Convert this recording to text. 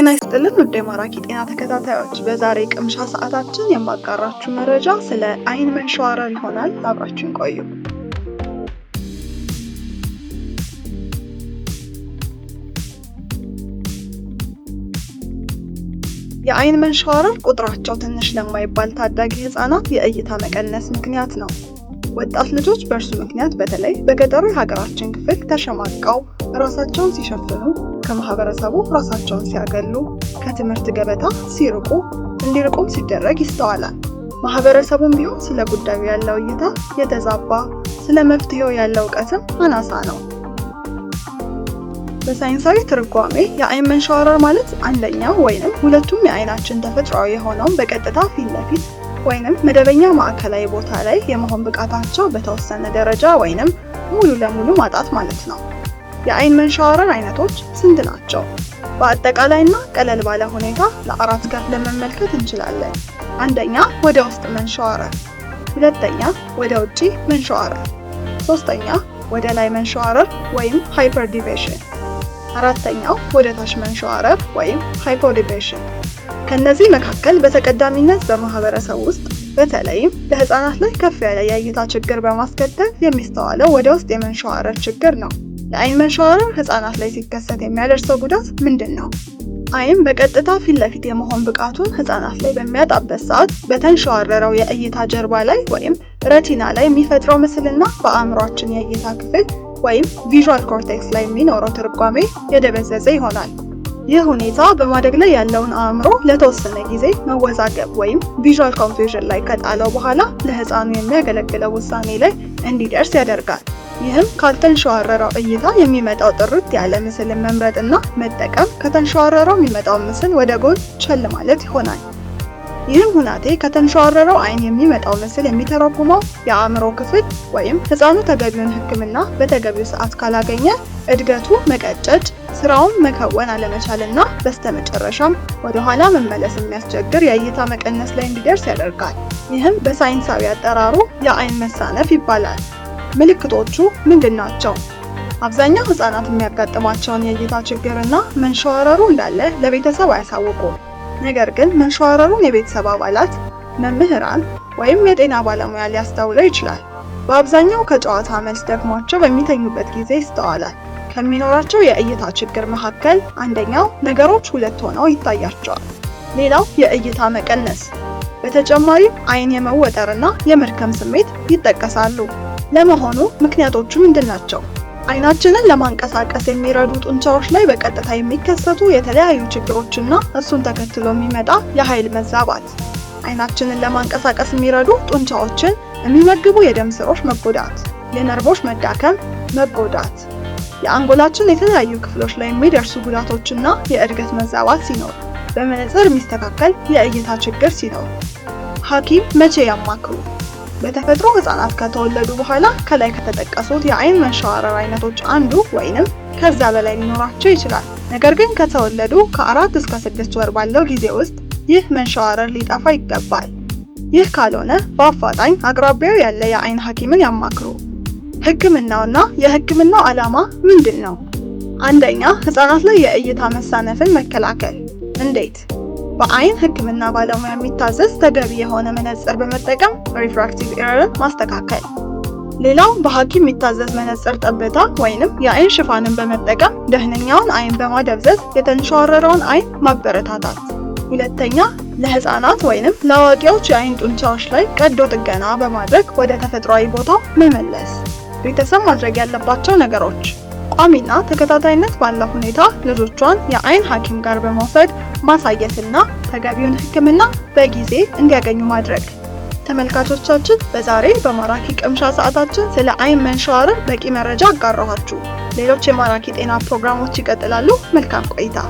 ጤና ይስጥልን ውድ የማራኪ ጤና ተከታታዮች፣ በዛሬ ቅምሻ ሰዓታችን የማጋራችሁ መረጃ ስለ አይን መንሸዋረር ይሆናል። አብራችን ቆዩ። የአይን መንሸዋረር ቁጥራቸው ትንሽ ለማይባል ታዳጊ ህጻናት የእይታ መቀነስ ምክንያት ነው። ወጣት ልጆች በእርሱ ምክንያት በተለይ በገጠሩ የሀገራችን ክፍል ተሸማቀው ራሳቸውን ሲሸፍኑ ከማህበረሰቡ ራሳቸውን ሲያገሉ፣ ከትምህርት ገበታ ሲርቁ፣ እንዲርቁም ሲደረግ ይስተዋላል። ማህበረሰቡም ቢሆን ስለ ጉዳዩ ያለው እይታ የተዛባ፣ ስለ መፍትሄው ያለው እውቀትም አናሳ ነው። በሳይንሳዊ ትርጓሜ የአይን መንሸዋረር ማለት አንደኛው ወይንም ሁለቱም የአይናችን ተፈጥሯዊ የሆነውን በቀጥታ ፊት ለፊት ወይንም መደበኛ ማዕከላዊ ቦታ ላይ የመሆን ብቃታቸው በተወሰነ ደረጃ ወይንም ሙሉ ለሙሉ ማጣት ማለት ነው። የአይን መንሸዋረር አይነቶች ስንት ናቸው? በአጠቃላይና ቀለል ባለ ሁኔታ ለአራት ከፍለን መመልከት እንችላለን። አንደኛ ወደ ውስጥ መንሸዋረር፣ ሁለተኛ ወደ ውጪ መንሸዋረር፣ ሶስተኛ ወደ ላይ መንሸዋረር ወይም ሃይፐርዲቬሽን፣ አራተኛው ወደ ታች መንሸዋረር ወይም ሃይፖዲቬሽን። ከእነዚህ መካከል በተቀዳሚነት በማህበረሰብ ውስጥ በተለይም በህፃናት ላይ ከፍ ያለ የእይታ ችግር በማስከተል የሚስተዋለው ወደ ውስጥ የመንሸዋረር ችግር ነው። የአይን መሸዋረር ህጻናት ላይ ሲከሰት የሚያደርሰው ጉዳት ምንድን ነው? አይን በቀጥታ ፊት ለፊት የመሆን ብቃቱን ህጻናት ላይ በሚያጣበት ሰዓት በተንሸዋረረው የእይታ ጀርባ ላይ ወይም ረቲና ላይ የሚፈጥረው ምስልና በአእምሯችን የእይታ ክፍል ወይም ቪዥዋል ኮርቴክስ ላይ የሚኖረው ትርጓሜ የደበዘዘ ይሆናል። ይህ ሁኔታ በማደግ ላይ ያለውን አእምሮ ለተወሰነ ጊዜ መወዛገብ ወይም ቪዥዋል ኮንፊውዥን ላይ ከጣለው በኋላ ለህፃኑ የሚያገለግለው ውሳኔ ላይ እንዲደርስ ያደርጋል። ይህም ካልተንሸዋረረው እይታ የሚመጣው ጥርት ያለ ምስልን መምረጥና መጠቀም ከተንሸዋረረው የሚመጣው ምስል ወደ ጎን ቸል ማለት ይሆናል። ይህም ሁናቴ ከተንሸዋረረው አይን የሚመጣው ምስል የሚተረጉመው የአእምሮ ክፍል ወይም ህፃኑ ተገቢውን ሕክምና በተገቢው ሰዓት ካላገኘ እድገቱ መቀጨጭ፣ ስራውን መከወን አለመቻልና በስተመጨረሻም ወደኋላ መመለስ የሚያስቸግር የእይታ መቀነስ ላይ እንዲደርስ ያደርጋል። ይህም በሳይንሳዊ አጠራሩ የአይን መሳነፍ ይባላል። ምልክቶቹ ምንድን ናቸው? አብዛኛው ህጻናት የሚያጋጥማቸውን የእይታ ችግርና መንሸዋረሩ እንዳለ ለቤተሰብ አያሳውቁም። ነገር ግን መንሸዋረሩን የቤተሰብ አባላት፣ መምህራን ወይም የጤና ባለሙያ ሊያስተውለው ይችላል። በአብዛኛው ከጨዋታ መልስ ደክሟቸው በሚተኙበት ጊዜ ይስተዋላል። ከሚኖራቸው የእይታ ችግር መካከል አንደኛው ነገሮች ሁለት ሆነው ይታያቸዋል። ሌላው የእይታ መቀነስ፣ በተጨማሪም አይን የመወጠርና የመድከም ስሜት ይጠቀሳሉ። ለመሆኑ ምክንያቶቹ ምንድን ናቸው? አይናችንን ለማንቀሳቀስ የሚረዱ ጡንቻዎች ላይ በቀጥታ የሚከሰቱ የተለያዩ ችግሮችና እሱን ተከትሎ የሚመጣ የኃይል መዛባት፣ አይናችንን ለማንቀሳቀስ የሚረዱ ጡንቻዎችን የሚመግቡ የደም ስሮች መጎዳት፣ የነርቮች መዳከም መጎዳት፣ የአንጎላችን የተለያዩ ክፍሎች ላይ የሚደርሱ ጉዳቶችና የእድገት መዛባት ሲኖር፣ በመነጽር የሚስተካከል የእይታ ችግር ሲኖር ሐኪም መቼ ያማክሩ? በተፈጥሮ ህጻናት ከተወለዱ በኋላ ከላይ ከተጠቀሱት የአይን መሸዋረር አይነቶች አንዱ ወይንም ከዛ በላይ ሊኖራቸው ይችላል። ነገር ግን ከተወለዱ ከአራት እስከ ስድስት ወር ባለው ጊዜ ውስጥ ይህ መንሸዋረር ሊጠፋ ይገባል። ይህ ካልሆነ በአፋጣኝ አቅራቢያው ያለ የአይን ሐኪምን ያማክሩ። ህክምናውና የህክምናው ዓላማ ምንድን ነው? አንደኛ ህጻናት ላይ የእይታ መሳነፍን መከላከል። እንዴት? በአይን ህክምና ባለሙያ የሚታዘዝ ተገቢ የሆነ መነጽር በመጠቀም ሪፍራክቲቭ ኤረርን ማስተካከል። ሌላው በሐኪም የሚታዘዝ መነጽር ጠብታ ወይንም የአይን ሽፋንን በመጠቀም ደህነኛውን አይን በማደብዘዝ የተንሸዋረረውን አይን ማበረታታት። ሁለተኛ ለህፃናት ወይንም ለአዋቂዎች የአይን ጡንቻዎች ላይ ቀዶ ጥገና በማድረግ ወደ ተፈጥሯዊ ቦታው መመለስ። ቤተሰብ ማድረግ ያለባቸው ነገሮች ቋሚና ተከታታይነት ባለው ሁኔታ ልጆቿን የአይን ሐኪም ጋር በመውሰድ ማሳየትና ተገቢውን ሕክምና በጊዜ እንዲያገኙ ማድረግ። ተመልካቾቻችን በዛሬ በማራኪ ቅምሻ ሰዓታችን ስለ አይን መንሸዋረር በቂ መረጃ አጋራኋችሁ። ሌሎች የማራኪ ጤና ፕሮግራሞች ይቀጥላሉ። መልካም ቆይታ